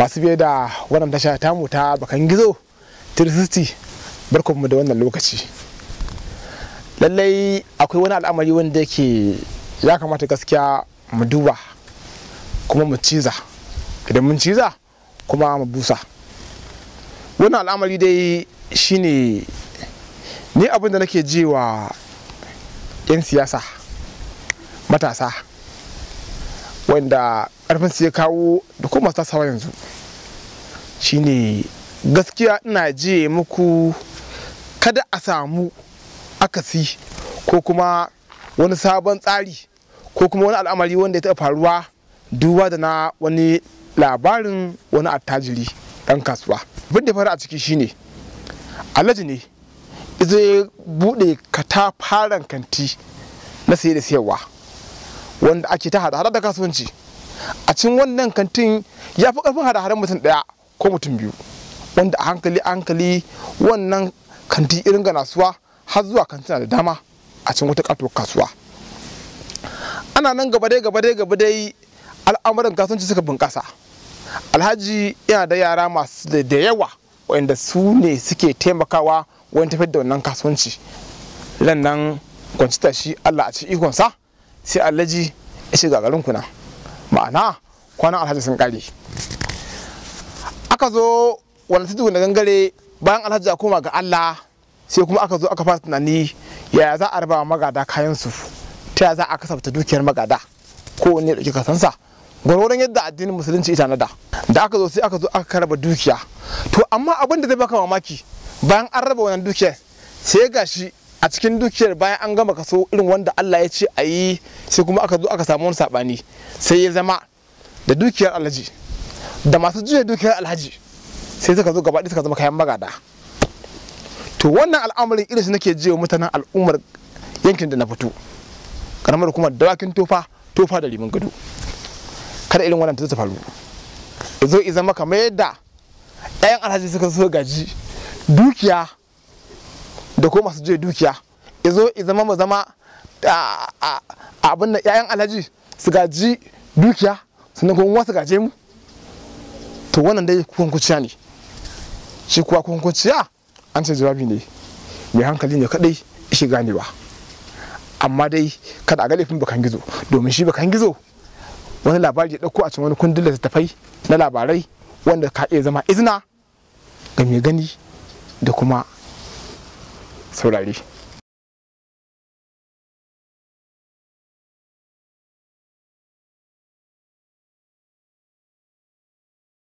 masu biye da wannan tasha tamu ta bakan gizo 360 barkanmu da wannan lokaci lallai akwai wani al'amari wanda yake ya kamata gaskiya mu duba kuma mu ciza idan mun ciza kuma mu busa wannan al'amari dai shine ni abinda da nake ji wa 'yan siyasa matasa wanda karfin su ya kawo da kuma masu tasawa yanzu shine gaskiya ina je muku kada a samu akasi ko kuma wani sabon tsari ko kuma wani al'amari wanda ya taɓa faruwa duba da na wani labarin wani attajiri ɗan kasuwa abin da fara a ciki shine alhaji ne zai buɗe katafaren kanti na saye da sayarwa wanda ake ta hada hada da kasuwanci a cikin wannan kantin ya fi karfin hada hadar mutum ɗaya ko mutum biyu wanda a hankali hankali wannan kanti irin ga nasuwa har zuwa kantina da dama a cikin wata katuwar kasuwa ana nan gaba dai gaba dai gaba dai al'amuran kasuwanci suka bunƙasa alhaji yana da yara masu da yawa wanda su ne suke taimakawa wajen tafiyar da wannan kasuwanci ran nan kwancita shi allah a ci ikonsa sai alhaji ya shiga garin kuna ma'ana kwanan alhaji sun kare aka zo wani tudun da gangare bayan alhaji a koma ga allah sai kuma aka zo aka fara tunani yaya za a raba magada kayan su ta yaya za a kasafta dukiyar magada ko ya ɗauki kasansa gwarwarin yadda addinin musulunci ita nada da aka zo sai aka zo aka karaba dukiya to amma abin da zai baka mamaki bayan an raba wannan dukiyar sai gashi a cikin dukiyar bayan an gama kaso irin wanda Allah ya ce a yi sai kuma aka zo aka samu wani saɓani sai ya zama da dukiyar alhaji da masu juya dukiyar alhaji sai suka zo gabaɗaya suka zama kayan magada to wannan al'amarin irin su nake wa mutanen al'ummar yankin da na fito karamar kuma dawakin tofa tofa da liman gado kada irin wannan ta faru zo i zama kamar yadda 'yan alhaji suka zo gaji dukiya da ko masu je dukiya ya zo ya zama mu zama abin da 'ya'yan alhaji su gaji dukiya sannan kuma wasu gaje mu to wannan dai kukunciya ne shi kuwa kukunciya an ce jawabi ne mai hankali ne kadai shi ganewa amma dai kada a ga laifin bakan gizo domin shi bakan gizo wani labari ya dauko a cikin wani kundin da tafai na labarai wanda ka iya zama izina ga mai gani da kuma saurare